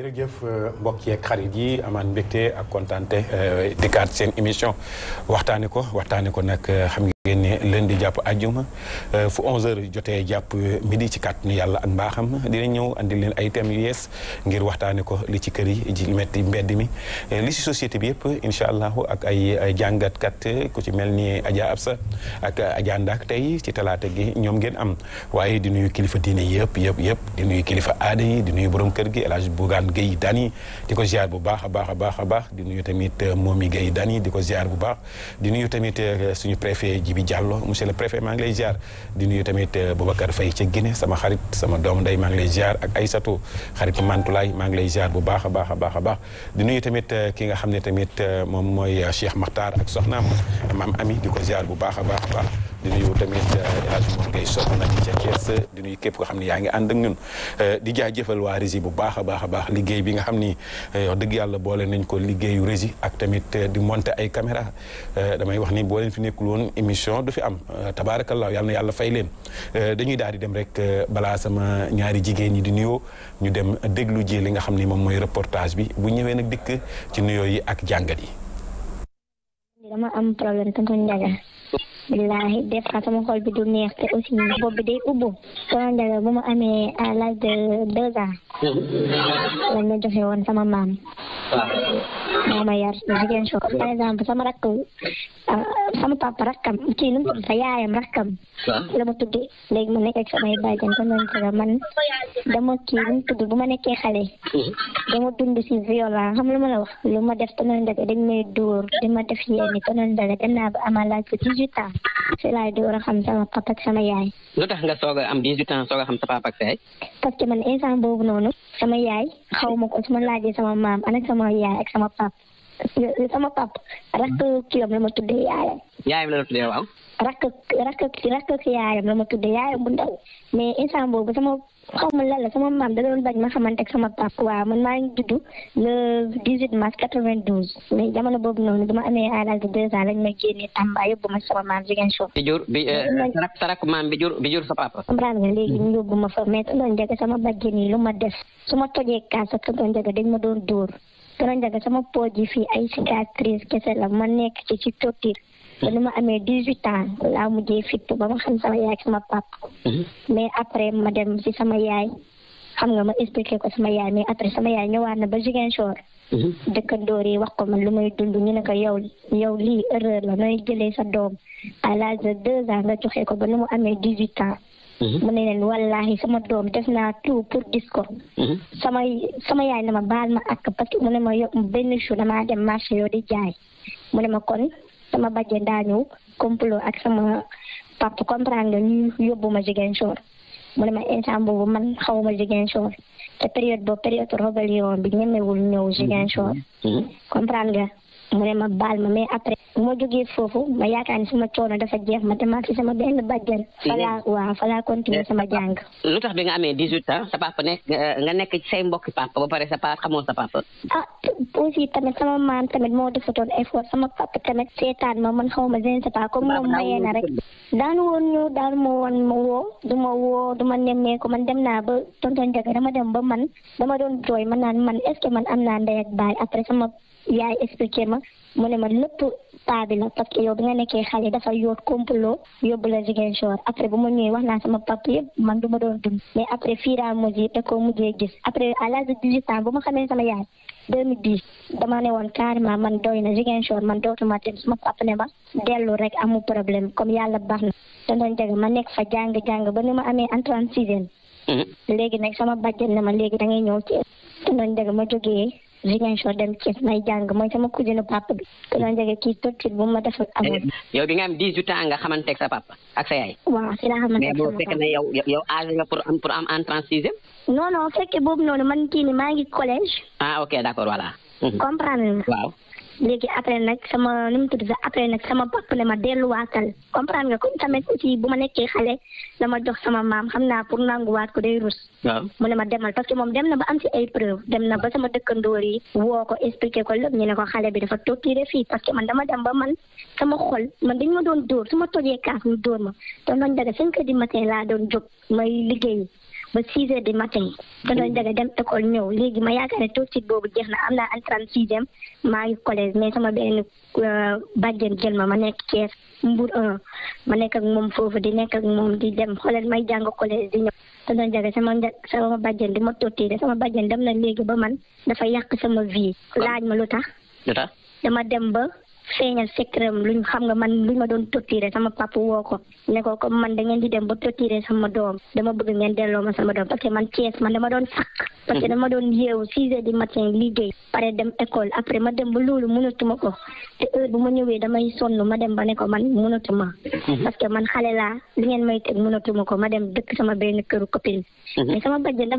jërëjëf mbokk yeeg xarit yi amaan mbégte ak kontaante euh, dikkaat seen émission waxtaane ko waxtaane ko nag euh, xam ngeen ne lundi jàpp àjjuma euh, fu 11h jotee jàpp midi ci kàttanu yàlla ak mbaaxam dina ñëw andi leen ay thèmes yu yees ngir waxtaane ko li ci kër yi ji metti mbedd mi euh, li ci société bi yëpp incha allah ak ay jàngatkat ku ci mel ni Adja Absa ak Adja Ndak tey ci talaata gi ñoom ngeen am waaye di nuyu kilifa diine yëpp yëpp yëpp di nuyu kilifa aada yi di nuyu borom kër gi El Hadj Bougane Guèye Dany di ko ziar bu baax a baax a baax a baax di nuyu tamit euh, Momi Guèye Dany di ko ziar bu baax di suñu préfet Djibi Diallo monsieur le préfet maa ngi lay jaar di nuyu tamit euh, Boubacar fay ca Guinée sama xarit sama doom ndey maa ngi lay ziar ak ay Aïssatou xarit Mantulaay maa ngi lay ziar bu baax a baax a baax a baax di tamit euh, ki nga xam ne tamit euh, moom mooy Cheikh maxtaar ak soxnaam maam Ami di ko bu baax a baax a baax di nuyu tamit euh, El Hadj Mor nag ca Thiès di képp ko xam ne yaa ngi ànd ak ñun euh, di jaajëfal waa Rési bu baax a baax a baax liggéey bi nga xam ni euh, wax dëgg yàlla booleen nañ ko liggéeyu Rési ak tamit di monter ay caméra damay wax ni boo leen fi nekkul woon émission du fi am tabaarakallaa yàlla yàlla fay leen dañuy daal di dem rek balaa sama ñaari jigéen ñi di nuyoo ñu dem déglu ji li nga xam ni moom mooy reportage bi bu ñëwee nag dikk ci nuyoo yi ak jàngat yi billahi def sama xol bi du neex te aussi day ubbu sama ndaga bu ma amee à de deux sama maam moo ah, ma yar jigéen par exemple sama sama papa rakkam sa yaayam rakkam la ma léegi ma nekk ak samay kon man bu ma nekkee xale dama dund si violent xam lu ma la wax lu ma def ndaga dañ may dóor di ma def ndaga dix-huit ans si laay door a xam sama papa ak sama yaay. lu tax nga soog a am dix-huit ans soog a xam sa papa ak sa yaay. parce que man instant boobu noonu sama yaay xaw ma ko su ma laajee sama maam an sama yaay ak sama papa. Eh? sama papa rakk kiyam la ma tuddee yaayam. yaayam la ma tuddee waaw. rakk rakk rakk yaayam la ma tuddee yaayam bu ndaw mais instant boobu sama xaw ma la sama maam da doon bañ ma xamante ak sama papa waaw man maa ngi judd le 18 mars 92 mais jamono boobu noonu dama amee à l'âge de deux ans lañ ma génnee Tamba yóbbu ma sama maam Ziguinchor. bi jur bi tarak eh, maam bi jur bi jur sa papa. nga léegi ñu yóbbu ma fa mais tonton Ndiaga sama bàjjen yi dana njaga sama pooj yi fii ay cicatrice kese la ma nekk ci ci torture ba nu ma amee dix-huit ans laa mujjee fitt ba ma xam sama yaay ak sama pap mhm. mais après ma dem ci sama yaay xam nga ma expliqué ko sama yaay mais après sama yaay ñëwaat na ba Ziguinchor mhm. dëkkandoor yi wax ko ma lu may dund ñu ne ko yow yow lii erreur la nooy jëlee sa doom à l'âge de deux ans ko ba nu mu amee dix mu mm-hmm. ne leen wallaahi sama doom def naa tu pour gis ko. Mm-hmm. sama sama yaay na ma baal ma ak parce que mu ne ma yo benn jour damaa dem marché yoo di jaay mu ne ma kon sama bàjjen ndaa ñëw complot ak sama papa comprendre nga ñu yóbbu ma jigéen soor mu ne ma instant bu man xaw ma jigéen soor te période boobu période rébellion bi ñemewul ñëw jigéen mm-hmm. soor comprendre nga. mu ne ma baal ma mais après bu ma jógee foofu ma yaakaar ni sama coono dafa jeex ma demaat ci sama benn bàjjen. fa laa waaw fa laa continuer sama eh, jàng. lu tax bi nga amee dix huit ans sa papa nekk nekk ci say mbokki papa sa papa xamoo sa papa. ah aussi tamit sama maam tamit moo defatoon effort sama papa tamit seetaan ma man xaw ma je sais pas comme moom mayee na rek. daanu woon ñëw daanu ma woon ma woo du ma woo du ma nemmee ko man dem naa ba tonton dama dem ba man dama doon jooy ma naan man est ce que man am naa ndey ak baay après sama yaay expliqué ma mu ne ma lépp paa bi la parce que yow bi nga nekkee xale dafa yóot complot yóbbu la Ziguinchor après bu ma ñëwee wax naa sama papa yëpp man du ma doon dund ma après fur et à mesure da koo mujjee gis après à l'âge de dix-huit ans bu ma xamee sama yaay 2010 ne woon carrément man doy na Ziguinchor man dootuma dem sama papa ne ma dellu rek amul problème comme yàlla baax na tonton Diaga ma nekk fa jàng jàng ba ni ma amee en trente mm-hmm. léegi nag sama bàjjen ne ma léegi da ngay ñëw ci tonton Diaga ma jógee Ziguinchor dem Thiès may jàng mooy sama cousine papa bi ku doon jege kii torture bu ma defal amoon. bi nga am dix huit ans nga xamanteeg sa papa ak sa yaay. waaw si laa xamanteeg sama papa mais bu fekkee ne nga pour am pour am entrée en sixième. non non fekkee boobu noonu man kii ni collège. ah ok d'accord voilà. comprendre waaw. léegi après nag sama nu mu tudd sax après nag sama bopp ne ma delluwaatal comprendre nga comme tamit aussi bu ma nekkee xale dama jox sama maam xam naa pour nanguwaat ko day rus. waaw mu ne ma demal parce que moom dem na ba am si ay preuve dem na ba sama dëkkandoor yi woo ko expliqué ko lépp ñu ne ko xale bi dafa torturé fii parce que man dama dem ba man sama xol man dañ ma doon dóor su ma tojee kaas ñu dóor ma te noonu daga cinq heures du matin laa doon jóg may liggéey ba six heures du matin te doon daga dem école ñëw léegi ma yaakaar ne toog boobu jeex na am naa entrant sixième maa ngi collège mais sama benn euh, bàjjen jël ma ma nekk Thiès Mbour ma nekk moom foofu di nekk moom di dem xoolal may jàng collège di ñëw te doon daga sama sama bàjjen di ma tottee sama bàjjen dem na léegi ba man dafa yàq sama vie laaj ma lu tax dama dem ba feeñal secrèm luñ xam nga man luñ ma doon torturé sama papa woo ko ne ko comme man da ngeen di dem ba torturé sama doom dama bëgg ngeen delloo ma sama doom parce que man Thiès man dama doon sàkk parce que mhm. dama doon yeewu six heures du matin liggéey pare dem école après ma dem ba loolu mënatuma ko te heure bu ma ñëwee damay sonn ma dem ba ne ko man mënatuma mhm. parce que man xale laa li ngeen may teg ma ko ma dem dëkk sama benn këru copine mhm. mais sama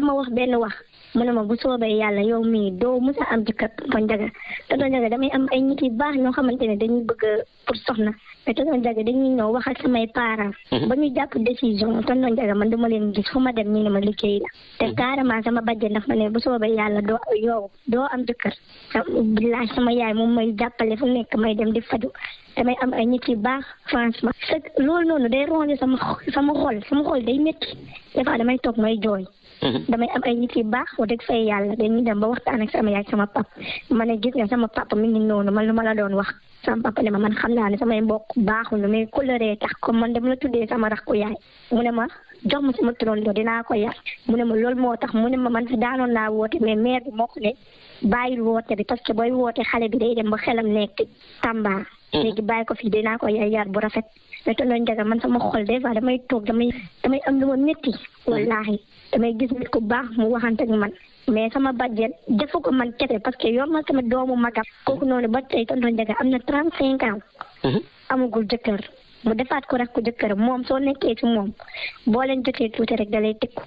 ma wax benn wax mu ne ma bu soobee yàlla yow mii doo mus a am jëkkër tonton Ndiaga tonton Ndiaga damay am ay nit yu baax ñoo xamante ne dañuy bëgg na soxna mais tonton Ndiaga dañuy ñëw wax ak samay parents. Mhm. ba ñu jàpp décision tonton Ndiaga man dama leen gis fu ma dem ñu ne ma liggéey la. te mhm. carrément sama bàjjen ndax ma ne ba soobee yàlla doo yoo doo am jëkkër billaay sama yaay moom may jàppale mu nekk may dem di faju damay am ay nit yu baax franchement. loolu noonu day rongé sama sama xol ma xol day métti des fois damay toog may jooy. damay am ay nit yu baax wax dëgg fay yàlla de dañuy dem ba waxtaan ak sama yaay sama pap ma ne gis nga sama pap mi ngi noonu man lu ma la doon wax sama papa ne ma man xam naa ne samay mbokk baaxuñu mais coloré tax comme man dama la tuddee sama rakku yaay mu ne ma jox ma sama turandoo dinaa ko yar mu ne ma loolu moo tax mu ne ma man daanoon naa woote mais maire bi moo ko ne bàyyil woote bi parce que booy woote xale bi day dem ba xelam nekk Tamba. Mm-hmm. léegi bàyyi ko fi dinaa ko yar bu rafet. mais te loolu njaga man sama xol des fois damay toog damay damay am lu ma métti wallaahi damay gis nit ku baax mu waxante ak man mais sama bàjjen defu ko man kese parce que yor ma sama doomu magam kooku noonu ba tey tonton njaga am na trente cinq ans amagul jëkkër mu defaat ko rek ko jëkkër moom soo nekkee ci moom boo leen jotee tuuti rek da lay tëkku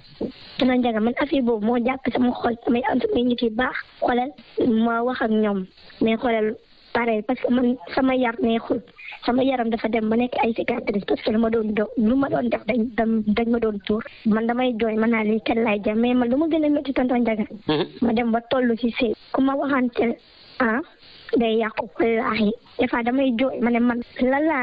dana njaga man affaire boobu moo jàpp sama xol samay am samay nit yi baax xoolal ma wax ak ñoom mais xoolal pareil parce que man sama yar neexul sama yaram dafa dem ba nek ay cicatrice parce que lu ma doon do lu ma doon def dañ dañ ma doon tour man damay joy man naa lii tel laay jam mais ma luma a metti tonton jaga ma dem ba tollu ci sey ku ma waxante ah day yakku wallahi des damay joy mané man la la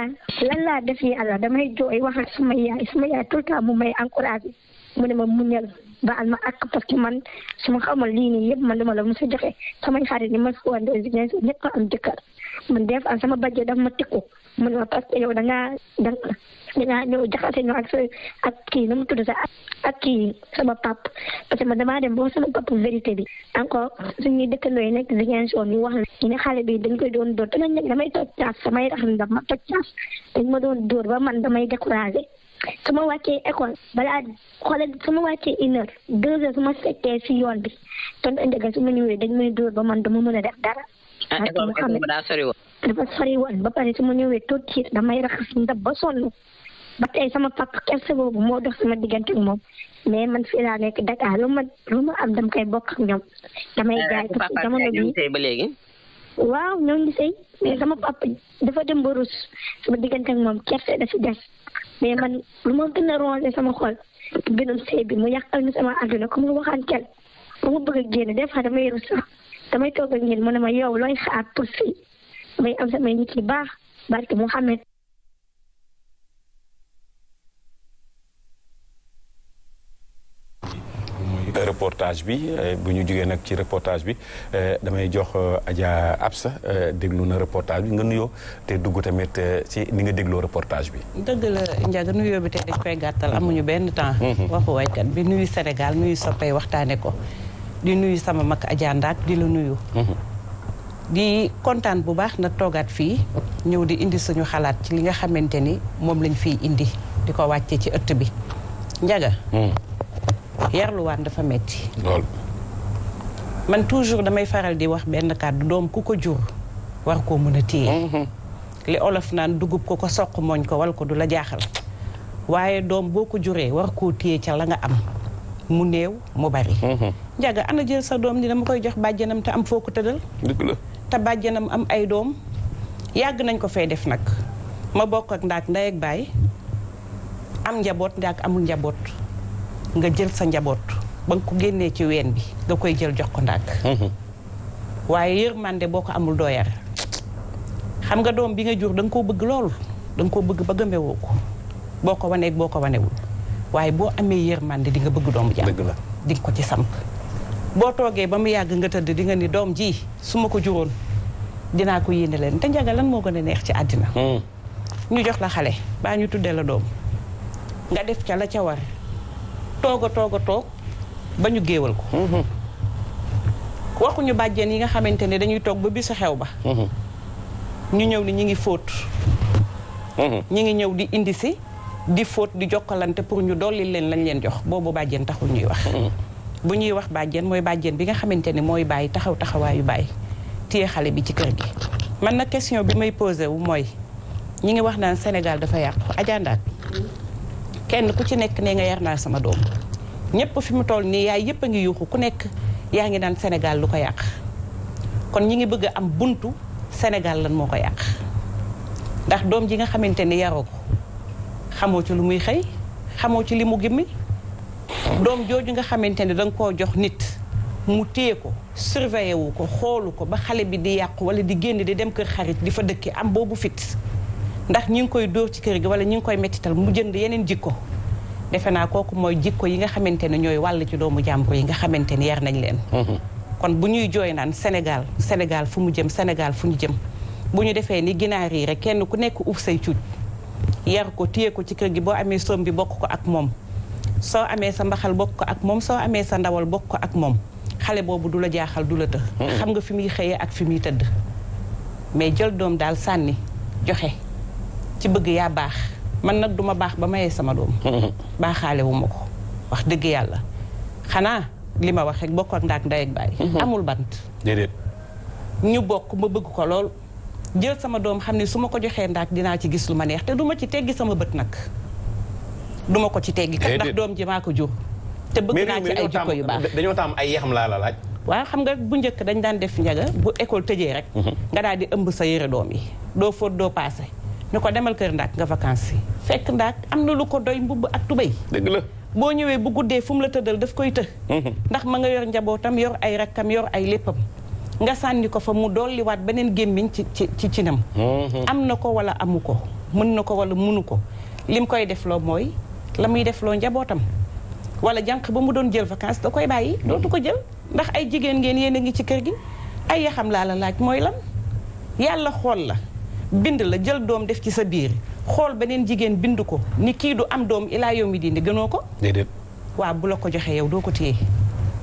la la def allah damay jooy waxal sama yaay eh. sama yaay tout temps mu may encourager mu ne ma muñal ba alma ak parce que man suma xamal li ni yëpp man dama la sa joxe sama xarit ni ma fi woon ñepp am jëkkër man def sama bajje daf ma tikku mu ne ma parce que yow da ngaa da ngaa ñëw jaxase ñu ak sa ak kii nu mu tudd sa ak kii sama pap parce que ma damaa dem boo sama pap vérité bi encore suñuy dëkkandoo yi nekk Ziguinchor ñu wax la ne xale bi dañ koy doon dóor te man nag damay toj caas samay rax ndax ma toj caas dañ ma doon dóor ba man damay découragé su ma wàccee école balaa xoolal su ma wàccee une heure deux heures su ma settee si yoon bi tontu ëndëgal su ma ñëwee dañ may dóor ba man dama mën a def dara. ah école daa sori woon dafa sori woon ba pare su ñëwee tuuti ci damay raxas ndab ba sonn ba tey sama papa kerse boobu moo dox sama diggante moom mais man fii laa nekk Dakar ah, lu ma lu ma am dam koy bokk ak ñoom damay jaay parce que jamono bi ba léegi waaw ñoo ngi mais sama papa dafa dem ba rus sama diggante moom kerse dafa des mais man lu ma gën a rongé sama xol gënum sëy bi mu yàqal na sama àdduna comme lu waxaan kenn ma bëgg a génn des fois damay rus sax damay toog ak mu may am samay nit yu baax barke Muhammad reportage bi euh, bu ñu jugee nag ci reportage bi euh, damay jox euh, Adja Absa déglu na reportage bi nga nuyoo te dugg tamit ci ni nga dégloo reportage bi. dëgg la bi te dañ koy gàttal amuñu benn temps. Mhm. waxu waykat bi nuyu Sénégal nuyu soppay waxtaane ko di nuyu sama mag Adja Ndak di la nuyu. Mhm. di kontaan bu baax na toogaat fii ñëw di indi suñu xalaat ci li nga xamante ni moom lañ fiy indi di ko wàccee ci ëtt bi njaga hmm. yarluwaan dafa metti lool man toujours damay faral di wax benn kàddu doom ku ko jur war koo mën a téye hmm. li olof naan dugub ko ko soq mooñ ko wal ko du la jaaxal waaye doom boo ko juree war koo téye ca la nga am mu néew mu bari hmm. njaga ana jël sa doom ni dama koy jox bàjjanam te am foo ko tëddal te bàjjanam am ay doom yàgg nañ ko fay def nag ma bokk ak ndaak ndey ak am njaboot ndaak amul njaboot nga jël sa njaboot ba nga ko génnee ci ween bi nga koy jël jox ko ndaak mhm. waaye yërmande boo ko amul doo yar xam nga doom bi nga jur da nga koo bëgg loolu da koo bëgg ba gëmbewoo ko boo ko waneeg boo ko wanewul waaye boo amee yërmande di nga bëgg doomu jàmm di nga ko ci samp boo toogee ba mu yàgg nga tëdd di nga ni doom jii su ma ko juróon dinaa ko yéene leen te njaga lan moo gën a neex ci àddina hmm. ñu jox la xale baa ñu tuddee la doom nga def ca la ca war toog a toog a toog ba ñu géewal ko hmm. waxuñu bàjjeen yi nga xamante ne dañuy toog ba bisu xew ba hmm. ñu ñëw ni ñu ngi fóot ñu ngi ñëw di indi si di fóot di jokkalante pour ñu dolli leen lañ leen jox boobu bàjjeen taxul ñuy wax bu ñuy wax bàjjen mooy bàjjen bi nga xamante ne mooy bàyyi taxaw taxawaayu bàyyi téye xale bi ci kër gi man na question bi may posé wu mooy ñi ngi wax naan Sénégal dafa yàqu ajandaat kenn ku ci nekk ne nga yar naa sama doom ñëpp fi mu toll nii yaay yëpp a ngi yuuxu ku nekk yaa ngi naan Sénégal lu ko yàq kon ñi ngi bëgg a am buntu Sénégal lan moo ko yàq ndax doom ji nga xamante ni yaroo ko xamoo ci lu muy xëy xamoo ci li mu gimmi doom jooju nga xamante ne danga koo jox nit mu téye ko surveiller ko xoolu ko ba xale bi di yàqu wala di génn di dem kër xarit di fa dëkki am boobu fit ndax ñi ngi koy dóor ci kër gi wala ñi ngi koy mettital mu jënd yeneen jikko defe naa kooku mooy jikko yi nga xamante ne ñooy wàll ci doomu jàmbur yi nga xamante ne yar nañ leen mhm. kon bu ñuy jooy naan Sénégal Sénégal fu mu jëm Sénégal fu ñu jëm bu ñu defee ni ginaar yi rek kenn ku nekk uf say yar ko téye ko ci kër gi boo amee soom bi bokk ko ak moom soo amee sa mbaxal bokk ko ak moom soo amee sa ndawal bokk ko ak moom xale boobu du la jaaxal du la të xam nga fi muy xëyee ak fi muy tëdd mais jël doom daal sànni joxe ci bëgg yaa baax man nag duma baax ba mayee sama doom baaxaale ma ko wax dëgg yàlla xanaa li ma wax rek bokkoon ndaak nday ak baay amul bant ñu bokk ma bëgg ko lool jël sama doom xam ne su ma ko joxee ndaak dinaa ci gis lu ma neex te duma ci teggi sama bët nag duma ko ci teggi kat ndax doom ji maa ko jur te bëgg naa ci ay jikko yu baax dañoo tam ay yeexam laa la laaj waaw xam nga bu njëkk dañ daan def njaga bu école tëjee rek mhm. nga daal di ëmb sa yére doom yi doo fóot doo paase ni ko demal kër ndaak nga vacances yi fekk ndaak am na lu ko doy mbubb ak tubéy dëgg boo ñëwee bu guddee fu la tëddal daf koy të mhm. ndax ma nga yor njabootam yor ay rakkam yor ay léppam nga sànni ko fa mu dolliwaat beneen gémmiñ ci ci ci cinam mhm. am na ko wala amu ko mën na ko wala munu ko lim koy def mooy la muy def loo njabootam wala janq ba mu doon jël vacance da koy bàyyi dootu ko jël ndax ay jigéen ngeen yéen a ngi ci kër gi ay yaxam laa la laaj mooy lan yàlla xool la bind la jël doom def ci sa biir xool beneen jigéen bind ko ni kii du am doom ilaa yow mi dindi gënoo ko déedéet waaw bu la ko joxee yow doo ko téye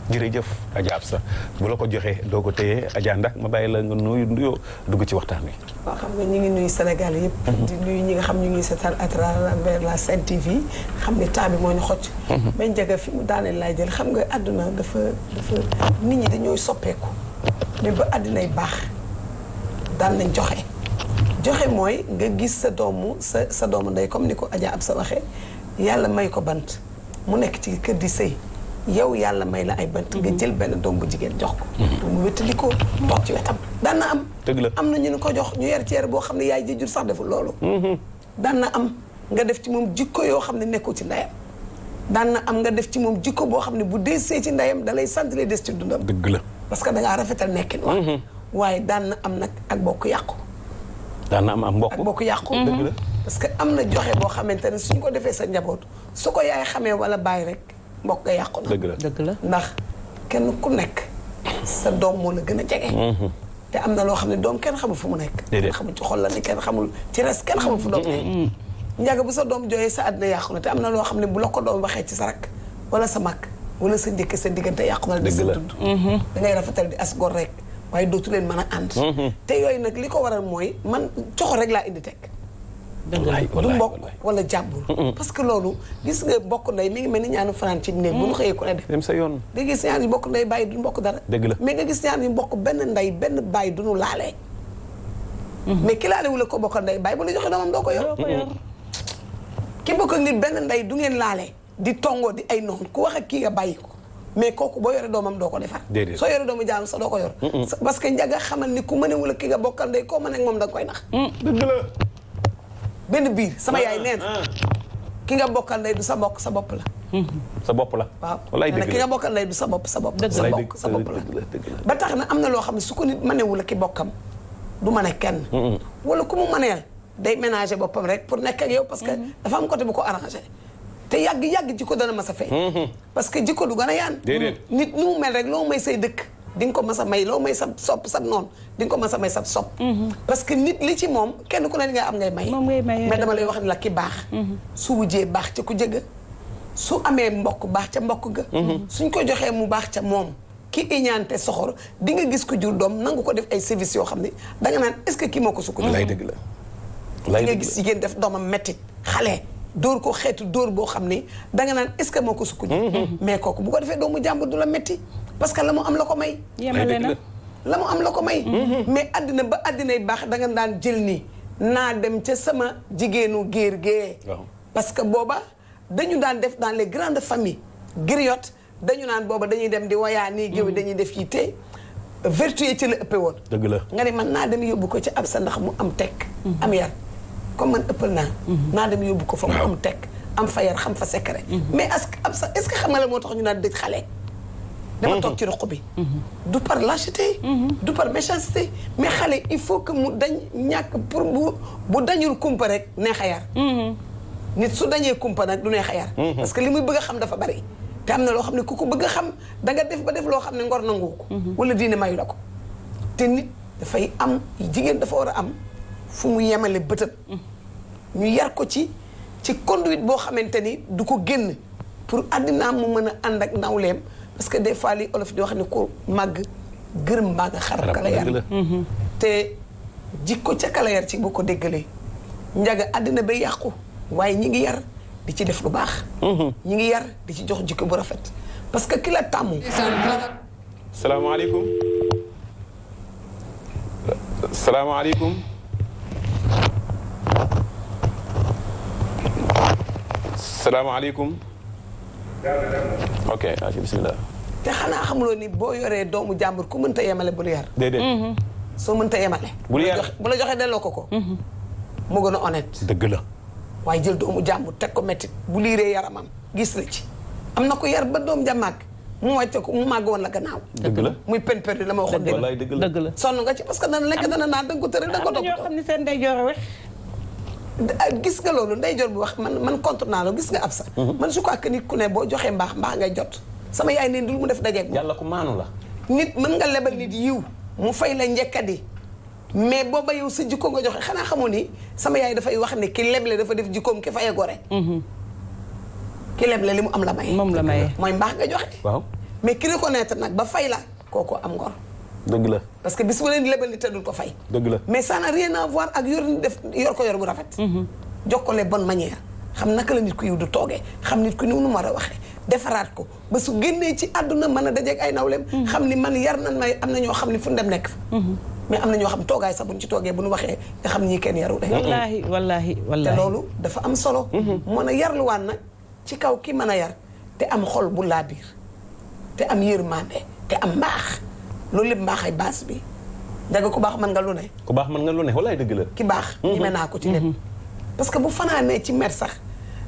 jërëjëf Adja sa bu la ko joxee doo ko téye Adja ndax ma bàyyi la nga nuyu nuyoo dugg ci waxtaan wi. waaw xam nga ñu ngi nuyu Sénégal yëpp. Mhm. ñi nga xam ñu ngi seetaan à a la Sen TV xam ne temps bi moo ñu xocc. mais mhm. njëga fi mu daaneel laay jël xam nga àdduna dafa dafa nit ñi dañooy soppeeku mais ba àddunay baax daan nañ joxe. joxe mooy nga gis sa doomu sa sa doomu ndey comme ni ko Adja sa waxee yàlla may ko bant mu nekk ci kër di sëy yow yàlla may la ay bant nga jël benn doom bu jigéen jox ko mhm. mu wéttali ko toog ci wetam daan na am ñu ni ko jox ñu yar ci boo xam ne yaay ji jur sax deful mhm. daan na am nga def ci moom jikko yoo xam ne nekkul ci ndeyam daan na am nga def ci moom jikko boo xam ne bu desee ci ndeyam dalay sant lay des ci dundam dëgg la parce que da ngaa rafetal nekkin wax mhm. waaye daan na am nag ak bokk yàqu daan na am ak mbokk ak mbokk yàqu dëgg la parce que am na joxe boo xamante ne suñ ko defee sa njaboot su ko yaay xamee wala bàyyi rek mbokk ga yàqu na. dëgg la ndax kenn ku nekk sa doom moo la gën a jege. Mhm. te am na loo xam ne doom kenn xamul fu mu nekk. kenn xamul ci xol la ne kenn xamul ci res kenn fu doom ne. bu sa doom jooyee sa àddina yàqu na te am na loo xam ne bu la ko doom waxee ci sa rak wala sa mag wala sa njëkk sa diggante yàqu na. dëgg la dund. Mhm. da ngay rafetal di as gor rek waaye dootu leen mën a ànd. Mhm. te yooyu nag li ko waral mooy man coxo rek laa indi teg. dëgg du mbokk wala jàmbur parce que loolu gis nga mbokk nday mi ngi mel ni ñaanu fanaan ci néeg bu ñu xëyee ku ne dem sa yoon nga gis ñaar yu mbokk nday bàyyi duñu mbokk dara dëgg la mais nga gis ñaar yu mbokk benn nday benn bàyyi duñu laalee mais ki laale wula ko bokk nday bàyyi bu la joxee doomam doo ko yor du ngeen laalee di tongoo di ay noonu ku wax kii nga bàyyi ko mais kooku boo yore doomam doo ko defar soo yore doomu jaam sax doo ko yor parce que njaga xamal ni ku mënewul ak ki nga bokkal nday koo moom da koy nax dëgg la benn biir sama yaay ah, nee na ah. ki nga bokkal ndey du sa mbokk sa bopp la. Mm-hmm. sa bopp la. wallaay dëgg la ki nga du sa bopp sa bopp. sa sa bopp la ba tax na am na loo xam ne su ko nit mënewu la ki bokkam du mën kenn. wala ku mu mëneel day ménager boppam rek pour nekk yow. parce que mm-hmm. dafa am côté bu ko arrangé. te yàgg yàgg jikko dana ma sa fay. parce que jikko du gën a yaan. Mm-hmm. nit nu mel rek loo may say dëkk. di nga ko mas a may loo may sab sopp sab noonu di nga ko mas a may sab sopp mhm. parce que nit li ci moom kenn ku ne li nga am ngay may mais dama lay wax ne la ki baax mhm. su wujjee baax ca ku jëgg su amee mbokk baax ca mbokk ga mhm. suñ ko joxee mu baax ca moom ki iñaante soxor di nga gis ko jur doom nangu ko def ay service yoo xam ne danga naan est-ce que kii moo ko sukk lay dëgg la di nga gis jigéen def doomam mettit xale dóor ko xeetu dóor boo xam ne danga naan est-ce que moo ko sukk mais kooku bu ko defee doomu jàmbur du la metti parce que la mu am la ko may. yemale na la mu am la ko may. mais àddina ba àddinay baax danga daan jël nii naa dem ca sama jigéenu géer gee. parce que booba dañu daan def dans les grandes familles griottes dañu naan booba dañuy dem di wayaa nii géew dañuy def yi te vertu ci la ëpp woon. dëgg la nga ne man naa dem yóbbu ko ci ab sa ndax mu am tekk. am yar comme man ëppal naa. naa dem yóbbu ko fa mu am tekk. am fa yar xam fa secret. Mm-hmm. mais est-ce que ab la moo tax ñu naan dëj xale. dama toog ci ruq bi du par lâcheté du par méchanceté mais xale il faut que mu dañ ñàkk pour bu bu dañul kumpa rek neex a yar nit su dañee kumpa nag du neex a yar parce que li muy bëgg a xam dafa bari te am na loo xam ne ku ko bëgg a xam da nga def ba def loo xam ne ngor nangu ko wala diine mayu la ko te nit dafay am jigéen dafa war a am fu mu yemale bëtëb ñu yar ko ci ci conduite boo xamante ni du ko génn pour àddinaam mu mën a ànd ak nawleem parce que des fois li olof di wax ni ko mag geureum mag xar kala yar mhm. te jikko ci kala yar ci bu ko déggalee njaga àddina ba yàqu waaye ñi ngi yar di ci def lu bax mhm. ñi ngi yar di ci jox jikko bu rafet parce que ki la salam alaykum salam alaykum ok bisimilah. te xanaa xamuloo ni boo yoree doomu jàmbur ku mënta yemale bul yar. déedéet. Mhm. soo mënta yemale. bul yar bu la joxe delloo ko ko. Mhm. mu gën a honnête. la. waaye jël doomu jàmbur teg ko métti bu liiree yaramam gis la ci. am na ko yar ba doom ja màgg mu wàcce ko mu màgg woon la gannaaw. dëgg la muy pen perdu la ma waxoon dëgg la. sonn nga ci parce que dana lekk dana naan da nga ko tëral da nga ko toog. am na ñoo xam ne seen gis nga loolu ndey jor bi wax man man contre naa la gis nga ab sa mhm. man je crois que nit ku ne boo joxee mbaax mbaax ngay jot sama yaay neen dul mu def dajeeg la nit mën nga lebal nit yiw mu fay la njëkkadi mais booba yow sa jikko nga joxe xanaa ni sama yaay dafay wax ne ki leble dafa def jikkoom ki faye gore mhm. ki leble li mu am la maye moom la maye mooy mbaax nga joxe waaw mais ki reconnaître nag ba fay la kooku am ngor dëgg la parce que bis bu leen lebal nit te dul ko fay. dëgg la mais saa n'a rien à voir ak yor def yor ko yor gu rafet. Mhm. jox ko les bonnes xam naka la nit ku yiw du toogee xam nit ku ni mu war a waxee defaraat ko ba su génnee ci àdduna mën a dajeeg ay nawleem. Mhm. xam ni man yar na may am na ñoo xam ni fu dem nekk fa. Mhm. mais am na ñoo xam toogaay sax bu ñu ci toogee bu ñu waxee nga xam ñii kenn yarul. wallaahi wallaahi wallaahi te loolu dafa am solo. mën a yarluwaan nag ci kaw ki mën a yar te am xol bu laa biir te am yërmande te am mbaax. loolu lépp mbaaxay baas bi daga ku baax man nga lu ne ku baax mën nga lu ne walaay dëgg la ki baax mhm. ñeme naa ko ci lépp mhm. parce que bu fanaanee ci mer sax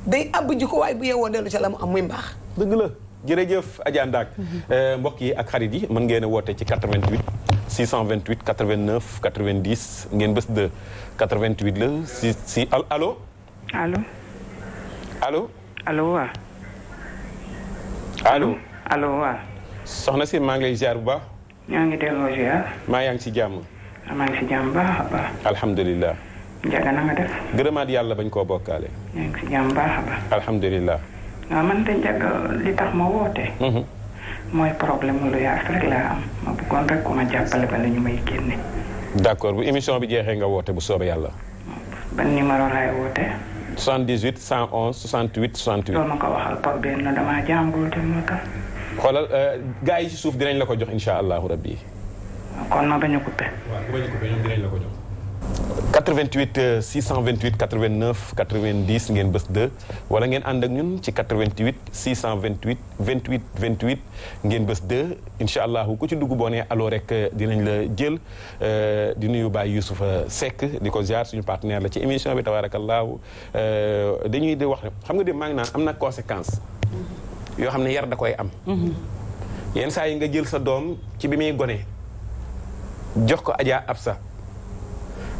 day àbb ji ko waaye bu yeewoo dellu ca la mu am muy mbaax dëgg la jërëjëf Adja Ndak mhm. euh, mbokk yi ak xarit yi mën ngeen a woote ci 88 628 89 90 ngeen bés de 88 la si si allo. allo. allo. soxna si maa ngi lay jaar bu baax. ñoo ngi delloo ziar. Ya. maa yaa ngi si jàmm. maa ngi si jàmm baax a baax. alhamdulilah. Ndiaga na nga def. gërëmaat yàlla bañ koo bokkaale. yaa ngi si jàmm baax a baax. alhamdulilah. waaw man de Ndiaga li tax ma woote. mooy mhm. problème lu yaas rek laa am ma bëggoon rek ku ma jàppale ba la ñu may génne. d' accord bu émission bi jeexee nga woote bu soobee yàlla. ban numéro laay woote. 78 111 68 68. loolu ma ko waxal problème na damaa jàngul te moo tax. xoolal euh, gaa yi ci suuf dinañ la ko jox insha allahu rabbi kon ma bañ a coupé. waaw ku bañ a coupé ñoom dinañ la ko euh, ngeen bës 2 wala ngeen ànd ak ñun ci 88 628 28 28 ngeen bés 2 incha allah ku ci dugg boo aloo rek euh, dinañ la jël di nuyu Baye Youssoufa Seck di ko jaar suñu partenaire la ci émission bi tabaarakallaahu dañuy di wax xam nga de maa naan am na conséquence. yoo xam ne yar da koy am mm-hmm. yenn saa yi nga jël sa doom ci bi muy gone jox ko Adja Absa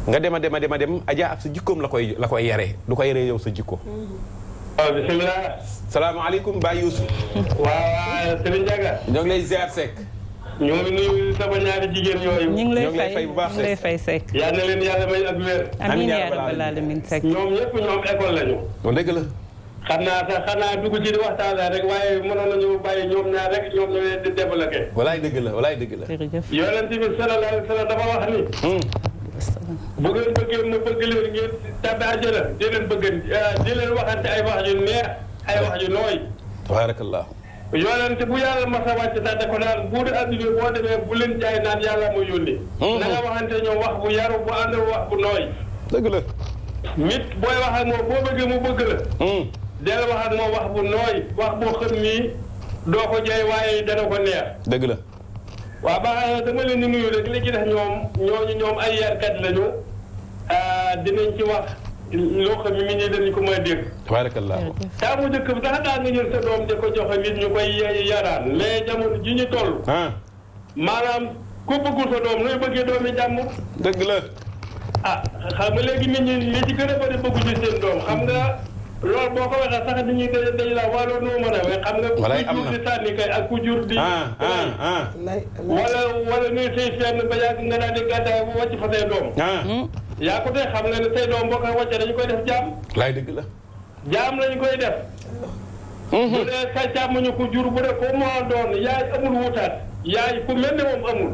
nga dem a dem a a dem Adja Absa jikkoom la koy la koy yaree du ko yaree yow sa jikko waaw mm-hmm. oh, bisimilah salaamaaleykum Baye Youssou waaw Serigne Diaga ñoo ngi lay ziar Seck ñu ngi nuyu sama ñaari lay fay bu baax lay fay Seck. yal na leen yàlla may ñoom école lañu. dëgg la. xanaa sax xanaa dugg ci di waxtaan la rek waaye mënoon nañu bàyyi ñoom ñaar rek ñoom ñooy di développé. walaay dëgg la walaay dëgg la. jërëjëf yonent bi sallallahu alayhi wa sallam dafa wax ni. Hmm. bu ngeen bëggee ma bëgg leen ngeen tàbbi àjjana di leen bëgg euh, di leen waxante ay wax yu neex ay wax yu nooy. tabaarakallah. yonent bu yàlla mas a wàcc daal da ko naan buur adduna boo demee bu leen jaay naan yàlla mu yónni. Hmm. na nga waxante ñoom wax bu yaru bu ànd wax bu nooy. dëgg la. nit booy wax ak moom boo bëggee mu bëgg la. Hmm. del wax ak moom wax bu nooy wax boo xam ni doo ko jooy waaye dana ko neex. dëgg la. waaw ba dama leen di nuyu rek li ci def ñoom ñooñu ñoom ay yarkat lañu ah, dinañ ci wax loo xam ne nit ñi dañu ko mën a dégg. tabaarakallaa. saa mu njëkk bi sax daa nga jël sa doom di ko joxe nit ñu koy yaraan mais jamono ji ñu toll. maanaam ku bëggul sa doom nooy bëggee doomi jàmm. dëgg la. ah xam nga léegi nit ñi li ci gën a bëri bëgguñu seen doom xam nga. loolu boo ko waxee sax nit ñi dañ dañ la wàllu nu mën a xam nga. walaay am na ku jur di sànni kay ku jur di. wala wala nuy sëy seen ba yàgg nga daal di gàddaay a wàcc fa say doom. Ah. Hmm. yaa ko tey xam nga ne say doom boo ko wàccee dañu koy def jaam. laay dëgg la. jaam lañu koy def. Hmm. bu dee sa jàmm ñu ko jur bu dee ko moo doon yaay amul wutaat. yaay ku mel ne moom amul.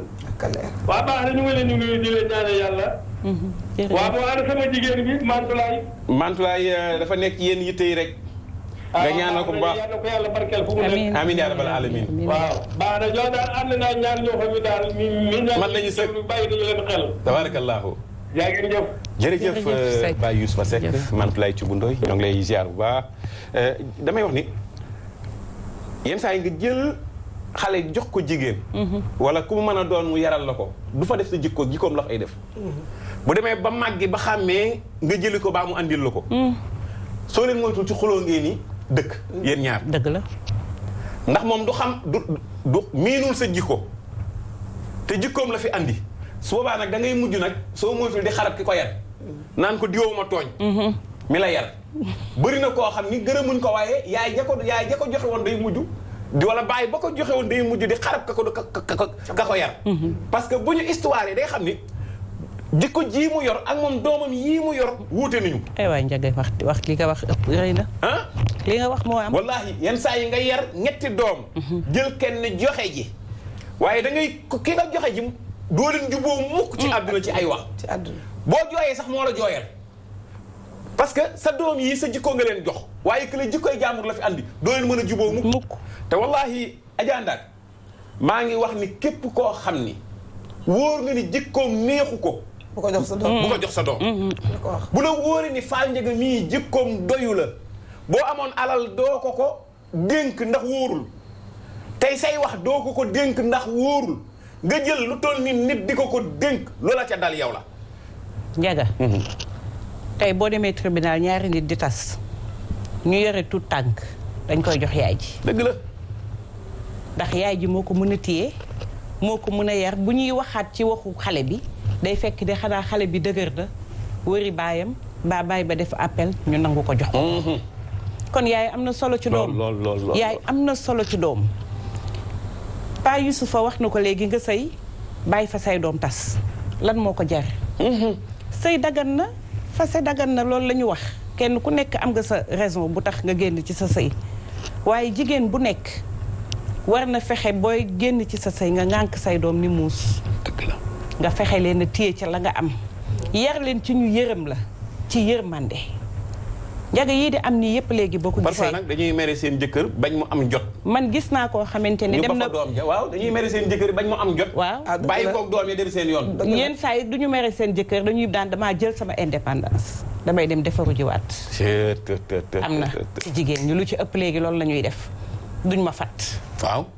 waaw baax na ñu ngi leen di di leen ñaanal yàlla. Mm-hmm. waaw moo ana sama jigéen bi Mantulaay. Mantulaay euh, dafa nekk yéen yitte yi rek. Ah, nga ñaanal ko bu baax yàlla ko yàlla barkeel fu mu nekk. amiin yaa rabbal alamin waaw baax na ñoo daal ànd naa ñaar ñoo xam ne daal mi mi man lañu sëg bàyyi nañu leen xel. tabaarakallaahu. yaa ngi jëf. jërëjëf euh, Baye Youssoufa Seck Mantulaay Thioub Ndoye ñoo ngi lay ziar bu baax euh, damay wax ni yenn saa yi nga jël. xale jox ko jigéen. Mhm. wala ku mu mën a doon mu yaral la ko du fa def sa jikko jikkoom la ay def. Mhm. bu demee ba màggi ba xàmmee nga jëli ko baa mu andil la ko. Mhm. soo leen moytul ci xuloo ngeen ni dëkk yéen ñaar. dëgg la ndax moom du xam du du miinul sa jikko te jikkoom la fi andi su boobaa nag da ngay mujj nag soo moytul di xarab ki ko yar naan ko diwoo ma tooñ. mi la yar bëri na koo xam ni gërëmuñ ko waaye yaay ja ko yaay ja ko joxe woon day mujj. di wala bàyyi ba ko joxe woon day mujj di xarab ka ko ka ko yar. Mm-hmm. parce que bu ñu histoire yi xam ni jikko ji mu yor ak moom doomam yii mu yor wuute nañu. Eh aywa Ndiaga wax wax li nga wax ëpp rëy na. ah nga wax moo am. wallaahi yenn saa yi nga yar ñetti doom. Mm-hmm. jël kenn joxe ji. waaye da ngay ki nga joxe ji doo leen juboo mukk ci mm. àdduna ci ay wax. ci àdduna boo jooyee sax moo la jooyal. parce que sa doom yi sa jikkoo nga leen jox waaye ki la jikkooy jaamur la fi andi doo leen mën a juboo mukk te wallaahi ajandaat maa ngi wax ni képp koo xam ni wóor nga ni jikkoom neexu ko bu ko jox sa doom bu jox sa doom mm-hmm. Mm-hmm. bu la ni Fall Ndiaga mii jikkoom doyu la boo amoon alal doo ko ko dénk ndax wóorul tey say wax doo ko ko dénk ndax wóorul nga jël lu toll ni nit di ko ko dénk loola ca dal yow la Ndiaga mm-hmm. tey boo demee tribunal ñaari nit di tas ñu yore tout tànk dañ koy jox yaay ji. dëgg la. ndax yaay ji moo ko mën a téye moo ko mën a yar bu ñuy waxaat ci waxu xale bi day fekk di xanaa xale bi dëgër da wëri baayam baa baay ba def appel ñu nangu ko jox ko. Mhm. kon yaay am na solo ci doom am na solo ci doom. Paa Youssoufa wax na ko léegi nga sëy bàyyi fa say doom tas lan moo ko jar. Mhm. sëy dagan na. fase dagan na loolu la ñu wax kenn ku nekk am nga sa raison bu tax nga génn ci sa sëy waaye jigéen bu nekk war na fexe booy génn ci sa sëy nga ŋànk say doom ni muus nga fexe leen a téye ca la nga am yar leen ci ñu yërëm la ci yërmande njaga yii di am nii yëpp léegi boo ko gisee parfois nag dañuy mere seen jëkkër bañ mu am jot man gis naa koo xamante ne dem na doom ja waaw dañuy mere seen jëkkër bañ mu am jot waaw ah, bàyyi koog doom ya dem seen yoon yenn saa yi du ñu mere seen jëkkër dañuy daan damaa jël sama indépendance damay dem defaru jiwaat am na ci jigéen ñi lu ci ëpp léegi loolu la ñuy def duñ ma fat waaw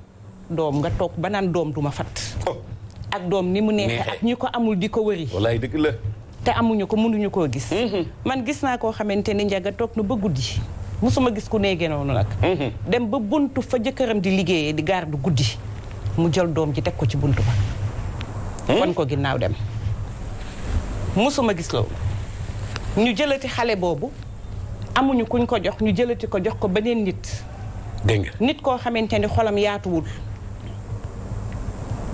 doom nga toog ba naan doom du ma fat oh. ak doom ni mu neexee ak ñi ko amul di ko wëri wallaay dëgg la te amuñu ko mënuñu koo gis. Mhm. man gis naa koo xamante ni njaga toog na ba guddi. musuma gis ku neegee noonu nag. Mhm. dem ba buntu fa jëkkëram di liggéeyee di gaar garde guddi mu jol doom ji teg ko ci buntu ba. Mhm. wan ko ginnaaw dem. musuma gis loolu. ñu jëlati xale boobu amuñu kuñ ko jox ñu jëlati ko jox ko beneen nit. nit koo xamante ni xolam yaatuwul.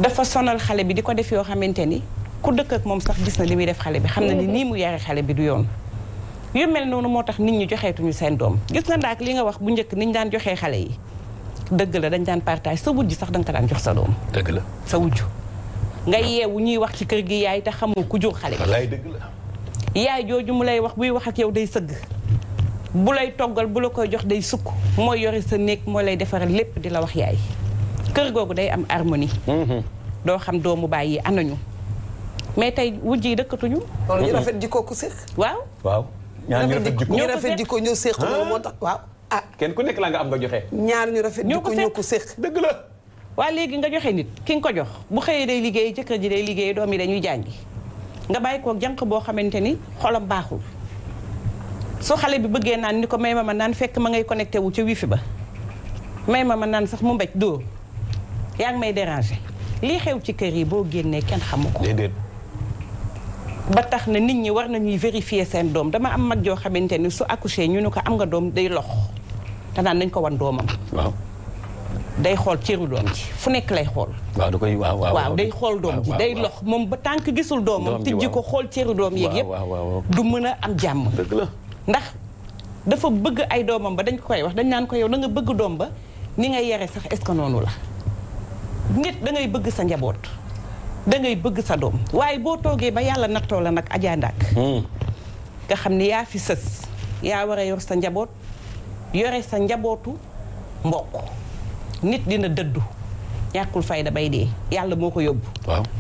dafa sonal xale bi di ko def yoo xamante ni. ku dëkk ak moom sax gis na li muy def xale bi xam na ni nii mu yare xale bi du yoon yu mel noonu moo tax nit ñi joxeetuñu seen doom gis nga ndaak li nga wax bu njëkk niñ daan joxee xale yi dëgg la dañ daan partage sa wujj sax da nga daan jox sa doom dëgg la sa wujj nga yeewu ñuy wax ci kër gi yaay te xamul ku jur xale bi dëgg la yaay jooju mu lay wax buy wax ak yow day sëgg bu lay toggal bu la koy jox day sukk mooy yore sa néeg moo lay defaral lépp di la wax yaay kër googu day am harmonie mm-hmm. doo xam doomu baay yi anañu mais tey wujj yi dëkkatuñu. loolu ñu mm-hmm. rafet jikko ku séq. waaw waaw. ñaar ñu rafet jikko ñu rafet jikko ñoo séq loolu ah. moo tax waaw. ah kenn ku nekk la nga am nga joxe. ñaar ñu rafet jikko ñoo ko séq dëgg la. waa léegi nga joxe nit ki nga ko jox bu xëyee day liggéey jëkkër ji day liggéey doom yi dañuy jàngi nga bàyyi ko jànq boo xamante ni xolam baaxul su xale bi bëggee naan ni ko may ma ma naan fekk ma ngay connecté wu ca wifi ba may ma ma naan sax mu mbéj doo yaa ngi may déranger lii xew ci kër yi boo génnee kenn xamu ko. ba tax na nit ñi war nañuy vérifier seen doom dama am mag joo xamante ni su accouché ñu ne ko am nga doom day lox te naan nañ ko wan doomam. waaw. day xool cëru doom ji fu nekk lay xool. waaw da koy waaw waaw day xool doom ji day lox moom ba tànk gisul doomam. tijji ko xool cëru doom yeeg yëpp. du mën a am jàmm. dëgg la ndax dafa bëgg ay doomam ba dañ ko koy wax dañ naan ko yow da nga bëgg doom ba ni nga yare sax est ce que noonu la nit da ngay bëgg sa njaboot. da ngay bëgg sa doom waaye boo toogee ba yàlla nattoo la nag ajaa hmm. nga xam ni yaa fi sës yaa war a yor sa njaboot yore sa njabootu mbokk nit dina dëddu ñàkkul fayda bay dee yàlla moo ko yóbbu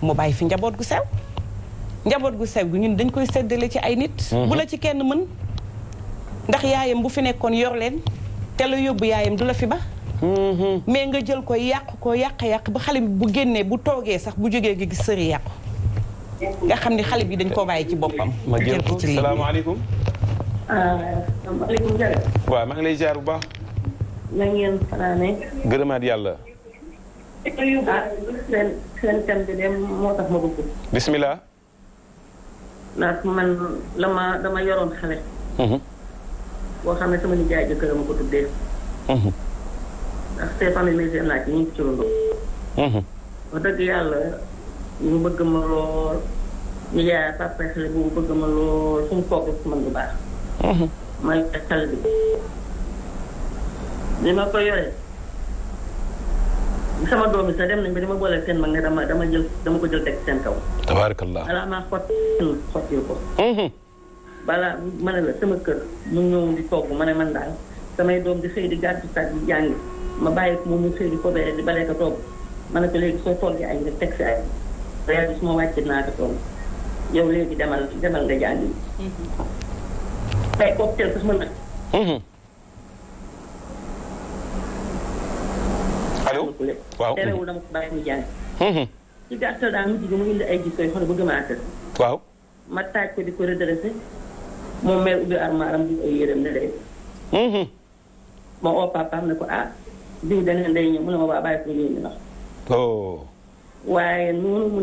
mu bàyyi fi njaboot gu sew njaboot gu sew gi ñun dañ koy seddale ci ay nit hmm. bu la ci kenn mën ndax yaayam bu fi nekkoon yor leen te la yóbbu yaayam du la fi ba Mhm. mais nga jël ko yàq ko butoge yàq ba xale bu génnee bu toogee sax bu gi gis sëri yàqu nga xam ne bi dañ koo bàyyi ci ma jël ko ci lii salaamaaleykum. Ah, maaleykum salaam. waaw ngi lay bu baax. ngeen dama ndax Stéphane mi seen laaj ñu ngi ci loolu. wax dëgg yàlla ñu bëgg ma lool ñu yaay Pape Sall bu bëgg ma lool suñu kooku si man bu baax. mooy xale bi. li ma ko yore sama seen mag ne dama dama jël dama ko jël teg seen kaw. tabaarakallah balaa maa xott xottil ko. balaa ma ne la sama kër mu ñëw di togg ma ne man daal samay doom di xëy di gàtt saag di jàngi. ma bàyyi ko moom mu sëy di ko bere di balee ko togg ma ne ko léegi soo toggee añ rek bi su ma wàccee naa ko togg yow léegi demal demal nga jàngi tey kooku teel ko su ma nag mhm. allo mhm. waaw ma taaj ko di ko redressé moom mère ubbi armoire di ay yërëm ne de mhm. ma oo papaam ne ko ah diw danañ day ñëw mu ne ma waa bàyyi ko réew mi ndax. Oh. waaye mu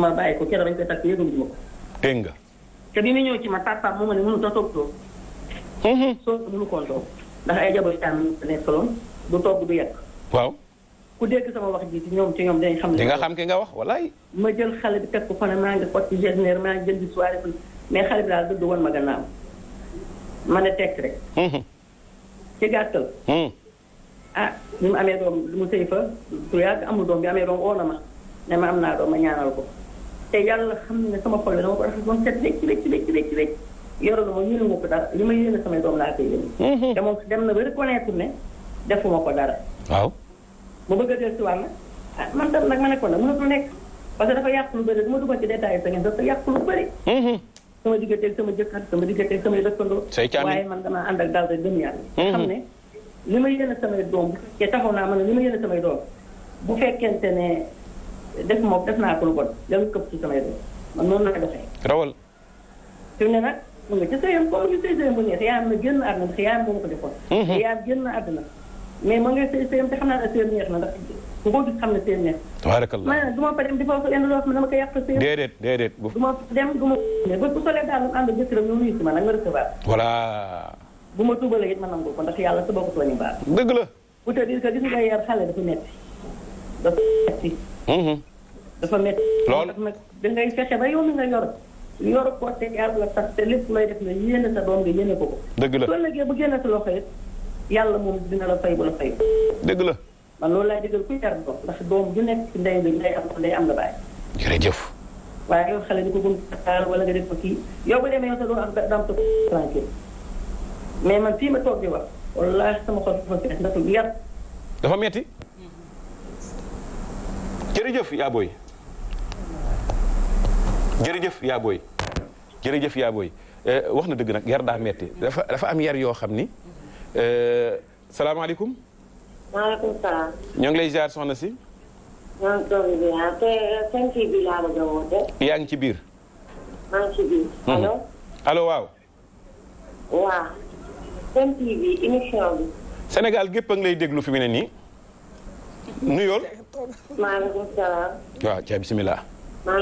ma bàyyi ko keroog bañ koy takk yëgum ma ko. nga. te bi mu ñëw ci ma papa mu ma ne mënut a toog toog. Mm-hmm. soo ko mënu koon toog ndax ay jabar taan nekkaloon du togg du yàq. waaw. ku dégg sama wax ji ci ñoom ci ñoom dañ xam ne. nga xam ki nga wax walaay. ma jël xale bi teg ko fan maa ngi xotti général maa ngi jël di soirée mais xale bi daal dëgg woon ma gannaaw ma ne teg rek. Mm-hmm. ci gàttal. Hmm. ah bi mu amee doom lu mu sëy fa lu yàgg amul doom bi amee doom oo na ma ne ma am naa doom ma ñaanal ko te yàlla xam ne sama xol bi dama ko rafet moom set wécc wécc wécc wécc wécc yorul ma yéene ma ko dara li ma yéene samay doom laa koy yéene. Hmm. te moom dem na ba reconnaître ne defuma ko dara. waaw. mu bëgg a gëstuwaat nag ah man tam nag ma ne ko nag mënatu nekk parce que dafa yàq lu bëri du ma dugg ci détail sa ngeen dafa yàq lu bëri. Hmm. sama digganteeg sama jëkkër sama digganteeg samay dëkkandoo. say caamin waaye man damaa ànd ak daal rek gëm yàlla. Mm-hmm. xam ne li ma yéene samay doom bu fekkee taxaw naa ma ne li ma yéene samay doom bu fekkente ne def moom def naa ko lu bon dem këpp ci samay doom man noonu laa doxee. rawal. fi mu ne nag mu nga ci sëyam comme ñu sëy sëyam bu neex yaa am na génn àdduna ndax yaa am moom ko defoon. Mm-hmm. yaa am génn àdduna mais ma nga sëy sëyam te xam naa ne sëyam neex na ndax. ngoo gis xam ne seen nekk. tabaarakallah ma ne du ma fa dem di foofu indi loo xam ne dama koy yàq seen. déedéet déedéet bu du ma dem du ma. mais bu bu solee daal ma nag nga recevoir. voilà. bu ma tuubalee it ma nangu ko ndax sa bopp la ñu baax. dëgg la. bu te dire que gis nga yar xale dafa metti dafa metti. Mhm. dafa metti. lool da ngay fexe ba yow mi nga yor. yor ko te yàlla tax te lépp lay def ne yéene sa doom nga yéene ko ko. dëgg la soo lëggee bu génne sa loxo it yàlla moom dina la fay bu la fay. dëgg la. man loolu laay digal ku yar doom ndax nekk ci ndey bi am ndey am nga bàyyi. jërëjëf. waaye yow xale di ko gën wala nga def ko kii yow demee yow sax doo am daa am tranquille mais man dafa metti jërëjëf yaa booy. jërëjëf yaa booy. jërëjëf eh, wax na dëgg nag yar daa metti dafa dafa am yar yoo xam ni. Eh, salaamaaleykum. ñoo ngi lay ziar soxna si. yaa ngi ci biir. maa ngi mhm. waaw. waaw. seen kii gépp a lay déglu fi mu ne nii. nuyool. maaleykum salaam. waaw ca bisimilah. maa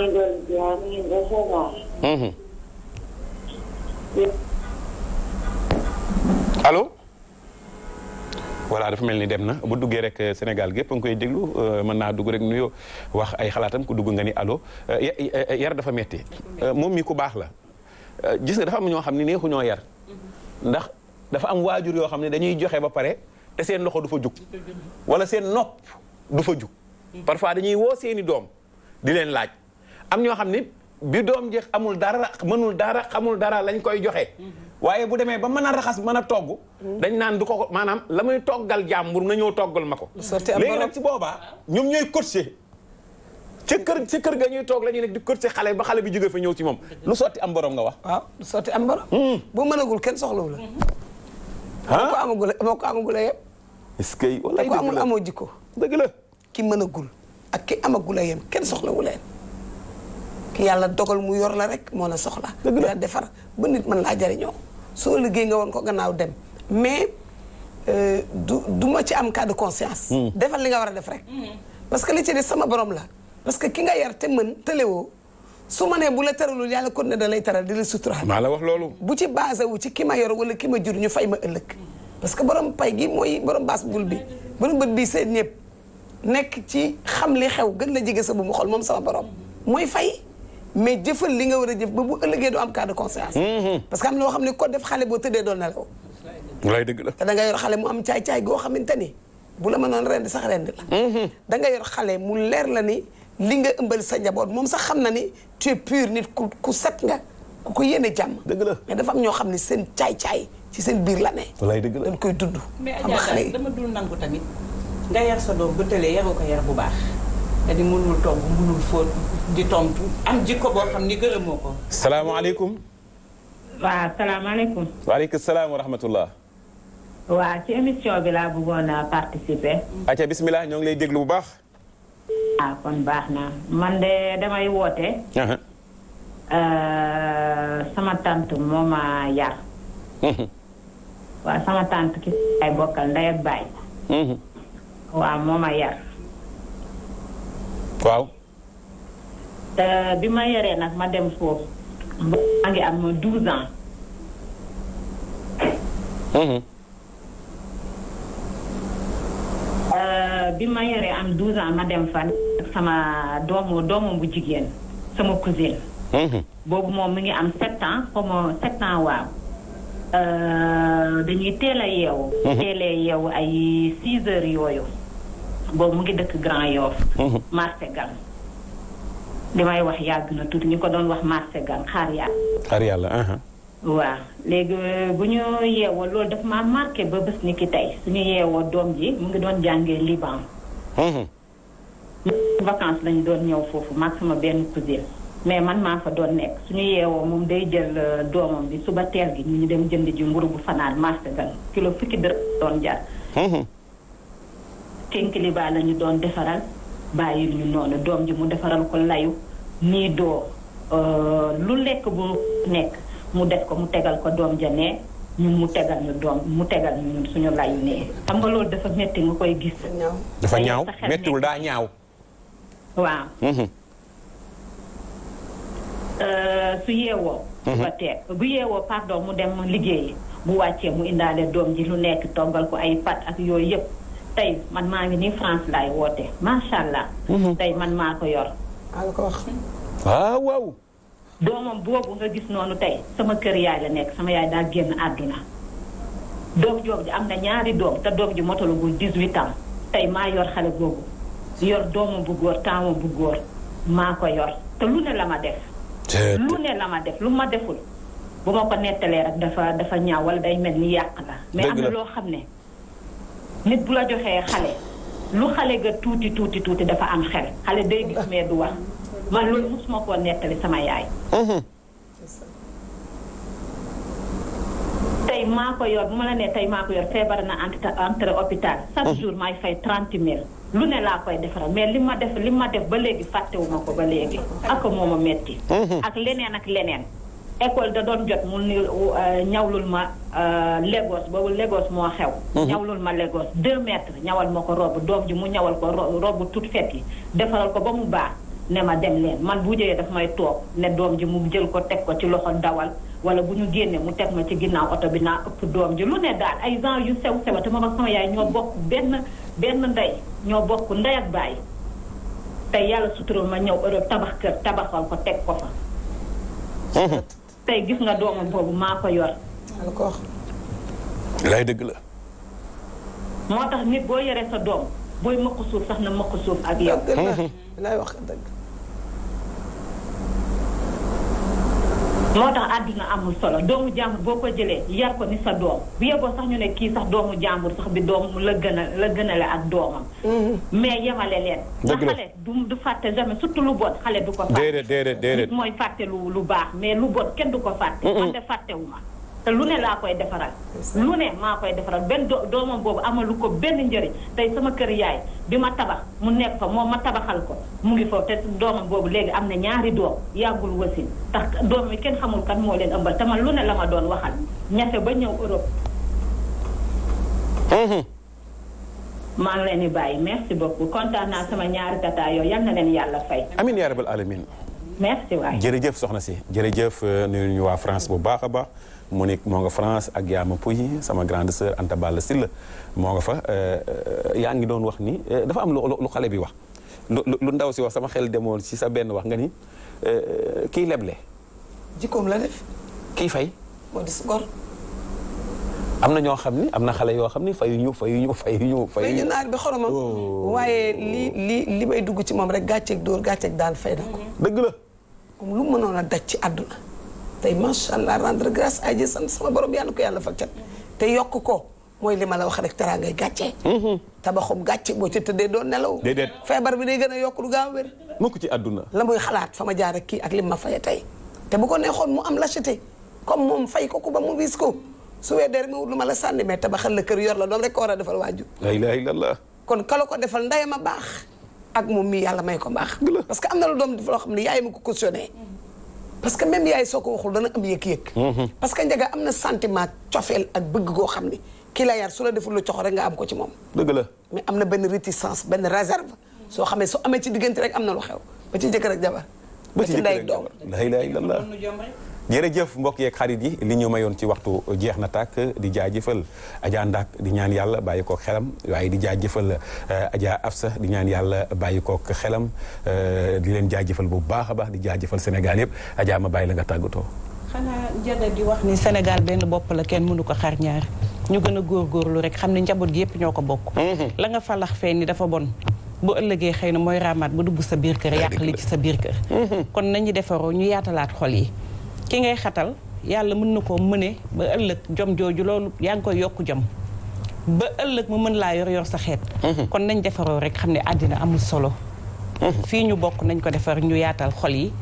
voilà dafa mel ni dem na bu duggee rek euh, Sénégal gépp nga koy déglu euh, mën naa dugg rek nuyoo wax ay xalaatam ku dugg nga ni alo euh, yar dafa metti moom mii ku baax la gis nga dafa am ñoo xam ne neexu ñoo yar ndax dafa am waajur yoo xam ne dañuy joxe ba pare te seen du fa jug wala seen nopp du fa jug dañuy woo seeni doom di leen laaj am ñoo xam ne bi doom jeex amul dara mënul dara xamul dara lañ koy joxe waaye bu demee ba mën a raxas mën a togg dañ naan du ko maanaam la muy toggal jàmbur nga ñëw toggal ma ko léegi nag ci boobaa ñoom ñooy coaché ca kër ca kër ga ñuy toog la ñuy nekk di coaché xale ba xale bi jóge fa ñëw ci moom lu sotti am borom nga wax waaw lu sotti am borom hmm. boo mënagul kenn soxlawu la amagul moo ko amagul yem est-ce que ko amul amoo jikko dëgg la ak ki amagul yem kenn soxlawu leen ki yàlla dogal mu yor la rek moo la soxla dëgg a defar ba nit mën laa jariñoo soo liggéey nga woon ko gannaaw dem mais euh, du du ma ci am cas de conscience. Hmm. defal li nga war a def rek. Hmm. parce que li ci de sama borom la. parce que ki nga yar te mën tëlewoo suma ma nee bu la teralul yàlla kon ne da lay teral di la suturaal. maa la wax loolu. bu ci basé wu ci ki ma yor wala ki ma jur ñu fay ma ëllëg. parce que borom pay gi mooy borom baas bul bi borom bët bi seen ñëpp nekk ci xam li xew gën la jege sa bu mu xool moom sama borom mooy fay. mais jëfal li nga war a jëf ba bu ëllëgee du am cas de conscience. Mhm. parce que am na xam ne ko def xale boo tëddee doon nelaw. wallaay dëgg la te da nga yor xale mu am caay-caay goo xamante ni bu la mënoon rend sax rend la. Mhm. da nga yor xale mu leer la ni li nga ëmbal sa njaboot moom sax xam na ni tu es pur nit ku ku set nga ku ko yéene jàmm. nga la mais am ñoo xam ne seen caay-caay ci seen biir la ne. wallaay dëgg la dañ koy dund. xam nga xale yi mais dama dul nangu tamit nga yar sa doom bu tëlee yaroo ko yar bu baax. di mënul togg mënul fóot di tontu am jikko boo xam ni gërëmoo ko. salaam wa rahmatullah. waaw ci émission bi laa bëggoon a participer. acca bismillah ñoo ngi lay déglu bu baax. ah kon baax na man de damay woote. Euh, sama tante moo ma yar. Mhm. waaw sama tante ki ay bokkal ndey ak baay. Mhm. waaw moo yar. waaw. Euh, bi ma yoree nag ma dem foofu. maa ngi am 12 ans. Mhm. Euh, bi ma yoree am 12 ans ma dem fan sama doomu doomu bu jigéen sama cousine. Mhm. boobu moom mi ngi am 7 ans comme 7 ans waaw. Euh, dañuy teel a yeewu. Mhm. teel yeewu ay 6 heures yooyu. boobu mu ngi dëkk Grand Yoff mhm. marché gan li may wax yàgg na tuuti ñu ko doon wax marché gan xaar yàlla xaar yàlla uh-huh. waaw léegi euh, bu ñu yeewoo loolu daf ma marqué ba bés ni ki su suñu yeewoo doom ji mu ngi doon jàngee Liban uh-huh. vacances lañu doon ñëw foofu maag sama benn cousine mais man maa fa doon nekk suñu yeewoo moom day jël euh, doomam bi suba teel gi ñu dem jënd ji mburu bu fanaan marché gan kilo fukki dërëm doon jar uh-huh. kénkiliba la ñu doon defaral bàyyil ñu noonu doom ji mu defaral ko layu nii doo euh, lu lekk bu nekk mu def ko mu tegal ko doom ja nee ñun mu tegal ñu doom mu tegal ñu suñu layu nee xam nga loolu dafa metti nga koy gis dafa ñaaw mettiwul daa ñaaw waaw mm-hmm. euh, su yeewoo ba mm-hmm. teel bu yeewoo pardon mu dem liggéeyi bu wàccee mu indaale doom ji lu nekk toggal ko ay pat ak yooyu yëpp tey man maa ngi ni France laay woote macha allah. Mhm. tey man maa ko yor. waaw ah, waaw. doomam boobu nga gis noonu tey sama kër yaay la nekk sama yaay daa génn àdduna. doom am na ñaari doom te doom ji motolagul 18 ans tey maa yor xale boobu yor doomam bu góor taamam bu góor maa ko yor te lu ne la ma def. lu ne la ma def lu ma deful. bu ma ko nettalee rek dafa dafa ñaaw wala day mel ni yàq la. mais am na loo xam ne. nit bu la joxee xale lu xale ga tuuti tuuti tuuti dafa am xel xale day gis mais du wax man loolu mosuma koo nettali sama yaay. Mhm. tey maa ko yor bu ma la nee tey maa ko yor feebar na entre hôpital chaque mhm. jour may fay trent mille lu ne laa koy defaral mais li ma def li ma def ba léegi fàttewuma ko ba léegi ak mooma metti mhm. ak leneen ak leneen école da doon jot mu ni euh, ñawlul ma euh, Lagos boobu Lagos moo xew. Mhm. ñawlul ma Lagos 2 mètres ñawal ma ko robb doom ji mu ñawal ko robb tout fet yi defaral ko ba mu baax ne ma dem leen man bu jëyee daf may toog ne doom ji mu jël ko teg ko ci loxo dawal wala bu ñu génnee mu teg ma ci ginnaaw oto bi naa ëpp doom ji lu ne daal ay gens yu sew sew te moom ak sama yaay ñoo bokk benn benn ndey ñoo bokk ndey ak baay te yàlla sutura ma ñëw Europe tabax kër tabaxal ko teg ko fa. Mhm. tey gis nga doomam boobu maa ko yor. d'accord. lay dëgg la. moo tax nit boo yoree sa doom booy mëq suuf sax na mëq suuf ak yow. dëgg la hmm. lay wax dëgg. moo tax àdduna amul solo doomu jàmbur boo ko jëlee yar ko ni sa doom bu yeboo sax ñu ne kii sax doomu jàmbur sax bi doom la gën a la gën a la ak doomam. Mm-hmm. mais yemale leen. dëgg la xale du du fàtte jamais surtout lu bon xale du ko. fàtte déedéet déedéet déedéet mooy fàtte lu lu baax mais lu bon kenn du ko fàtte. man de fàttewuma. te lu ne laa koy defaral lu ne maa koy defaral benn doomam boobu amalu ko benn njëriñ tey sama kër yaay bi ma tabax mu nekk fa moom ma tabaxal ko mu ngi foofu te doomam boobu léegi am na ñaari doom yàggul wasin tax doom mi kenn xamul kan moo leen ëmbal te man lu ne la ma doon waxal ñafe ba ñëw Europe mm-hmm. maa ngi leen di bàyyi merci beaucoup kontaan naa sama ñaari tata yooyu na leen yàlla fay. amiin yaa rabal alamin merci waay jërëjëf soxna si jërëjëf euh, nuyu waa France bu baax a baax. Monique moo nga France ak Yaama Pouy sama grande sœur Anta Balla moo nga fa euh, euh, yaa ngi doon wax ni euh, dafa am lu xale bi wax lu ndaw si wax sama xel demoon ci sa benn wax nga ni kii leble jikkoom la def kii fay moo dis gor am na ñoo xam ni am na xale yoo xam ni fayuñu fayuñu fayuñu fayuñu naar bi xoromam oh. waaye li li li may dugg ci moom rek gàcceeg dóor gàcceeg daal fay na ko dëgg la lu mënoon a daj ci àdduna tey macha allah rendre grâce à Dieu sant sama borom yàlla ko yàlla fak cat te yokk ko mooy li ma la wax rek taraa ngay gàcce mhm. tabaxum gàcce boo ci dee doon nelaw déedéet feebar bi day gën a yokk du gaaw wér mukk ci àdduna la muy xalaat fa ma jaar kii ak lim ma faye tey te bu ko neexoon mu am lâcheté comme moom fay ko ku ba mu wis ko su weedee rek ma wut lu ma la sànni mais tabaxal la kër yor la doon rek ko war a defal waajur la kon kala ko defal ndeyam a baax ak moom mii yàlla may ko baax parce que am na lu doom def loo xam ne yaay ma ko cautionné parce que même yaay soo ko waxul dana am yëg-yëg mhm. parce que njaga am na sentiment cofeel ak bëgg goo xam ne kii la yar su la deful lu cox rek nga am ko ci moom dëgg la mais am na benn réticence benn réserve soo xamee su amee ci diggante rek am na lu xew ba ci jëkkër ak jabar ba ci ndey doom la ilaha illallah jërëjëf mbokk yeeg xarit yi li ñu mayoon ci waxtu jeex na tàkk di jaa jëfal Adja Ndak di ñaan yàlla bàyyi kook xelam waaye di jaa jaajëfal euh, Adja Afsa di ñaan yàlla bàyyi kook xelam euh, di leen jaajëfal bu baax a baax di jaa jëfal Sénégal yëpp am ma bàyyi la nga tàggatoo. xanaa njëriñ di wax ni Sénégal benn bopp la kenn mënu ko xar ñaar ñu gën a góorgóorlu rek xam ne njaboot gi yëpp ñoo ko bokk. Mm-hmm. la nga falax fee ni dafa bon. bu ëllëgee xëy na mooy raamaat ba dugg sa biir sa biir kër. Mm-hmm. kon ñu yaatalaat xol yi ki ngay xatal yàlla mën na koo mëne ba ëllëg jom jooju loolu yaa ngi koy yokk jom ba ëllëg mu mën laa yor yor sa xeet mhm. kon nañ defaroo rek xam ne àddina amul solo mhm. fii ñu bokk nañ ko defar ñu yaatal xol yi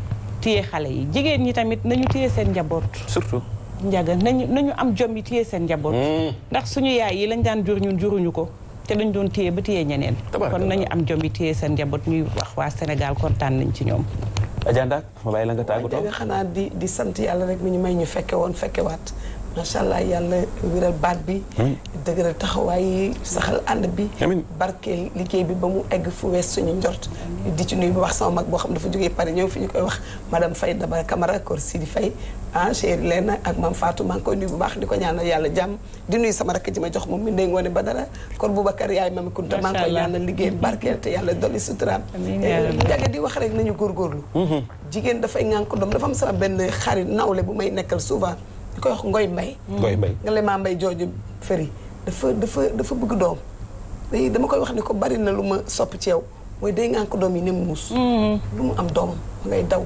téye xale yi jigéen ñi tamit nañu téye seen njaboot surtout njaga nañu nañu am jom seen njaboot mhm. ndax suñu yaay yi lañ daan jur ñun juruñu ko te dañ doon téye ba téye ñeneen kon nañu am jom yi téye seen njaboot ñuy wax waa Sénégal kontaan nañ ci ñoom Adja Ndak ma bàyyi la nga tàggatoo xanaa di di sant yàlla rek mi ñu may ñu fekke woon fekkewaat macha allah yàlla wéral baat bi. dëgëral taxawaay yi saxal ànd bi. amiin barkeel liggéey bi ba mu egg fu wees suñu njort. di ci nuyu bu wax sama mag boo xam dafa jógee Paris ñëw fi ñu koy wax madame Faye Dabara Camara kor Sidi Faye ah chéri Lena ak maam Fatou maa ngi koy nuyu bu baax di ko ñaanal yàlla jàmm di nuyu sama rakk ji ma jox moom mi ndey ba dara kon Boubacar yaay mami Kunta maa ngi koy ñaanal liggéeyam barkeel te yàlla dolli eh, di wax rek nañu góorgóorlu. Mhm. jigéen dafay ŋànk doom dafa am sama benn xarit nawle bu may nekkal souvent koy wax Ngoy Mbay. ngooy Mbay nga leen maa mbay jooju fëri dafa dafa dafa bëgg doom day dama koy wax ne ko bari na lu ma sopp ci yow mooy day ngaa doom yi ne muus. Mm-hmm. lu mu am doomam ngay daw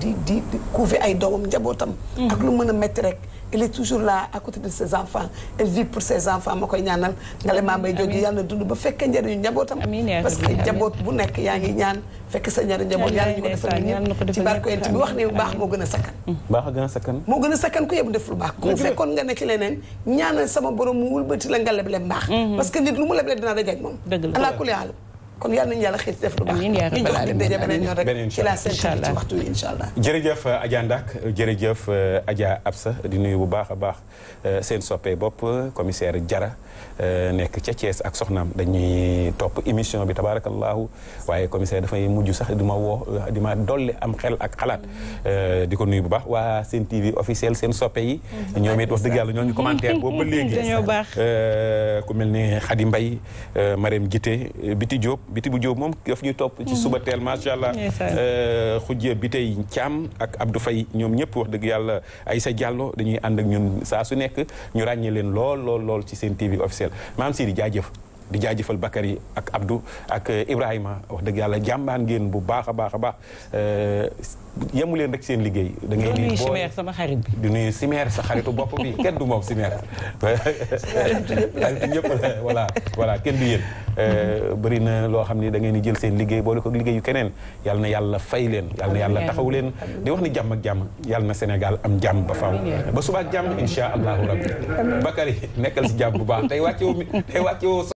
di di di couver ay doomam njabootam. Mm-hmm. ak lu mën a rek. elle est toujours là à de ses enfants elle vit pour ses enfants ma koy ñaanal. nga leen maa mbay jooju yàlla na dund ba fekkee njëriñu njabootam. parce que njaboot bu nekk yaa ngi ñaan. fekk sa ñaari njaboot yàlla ñu ko defal ñëpp ci barko yent bi wax ne baax moo gën a sakkan mm. baax a gën a sakkan moo gën a sakkan ku yebu def lu baax ku fekkoon nga nekk leneen ñaanal sama borom mu wulbati la nga leble mbaax mm-hmm. parce que nit lu mu leble dinaa dajeeg moom alaa kulli haal kon yàlla nañu yàlla xëy def lu baax ñu jox leen daje beneen yoon rek ci la seen ci waxtu yi incha allah jërëjëf euh, Adja Ndak jërëjëf euh, Adja Absa di nuyu bu baax a baax euh, seen soppee bopp commissaire Jara Euh, nekk ca Thiès ak soxnaam dañuy topp émission bi tabaarakallaahu waaye commissaire dafay mujj sax di ma woo di ma dolli am xel ak xalaat euh, di ko nuy bu baax waa seen TV officiel seen soppe yi ñoom it wax dëgg yàlla ñoo ñu commentaire boobu ba léegi euh, ku mel ni Khady Mbaye Marème Guité Biti Diop Biti bu Diop moom daf ñuy topp ci suba teel macha allah xujje bi tey Thiam ak Abdou ñëpp wax dëgg yàlla Aïssa Diallo dañuy ànd ak saa su nekk ñu ràññee leen lool lool lool ci seen TV officiel maam Sidi jaajëf di jaajëfal yi ak Abdou ak eh, Ibrahima wax dëgg yàlla jàmbaan ngeen bu baax a baax a baax eh, yemu leen rek seen liggéey. da ngay nuyu simeer sama xarit bi. di nuyu sa xaritu bopp bi kenn du moom si xaritu ñëpp la voilà voilà kenn du yéen. Eh, bëri na loo xam ne da ngeen di jël seen liggéey boole ko liggéeyu keneen yal na yàlla fay leen. yàlla taxaw leen di wax ni jàmm ak jàmm yal na Sénégal am jàmm ba faaw. ba suba ak jàmm incha allahu rabbi Bakary nekkal si jàmm bu baax tey wàcce woo tey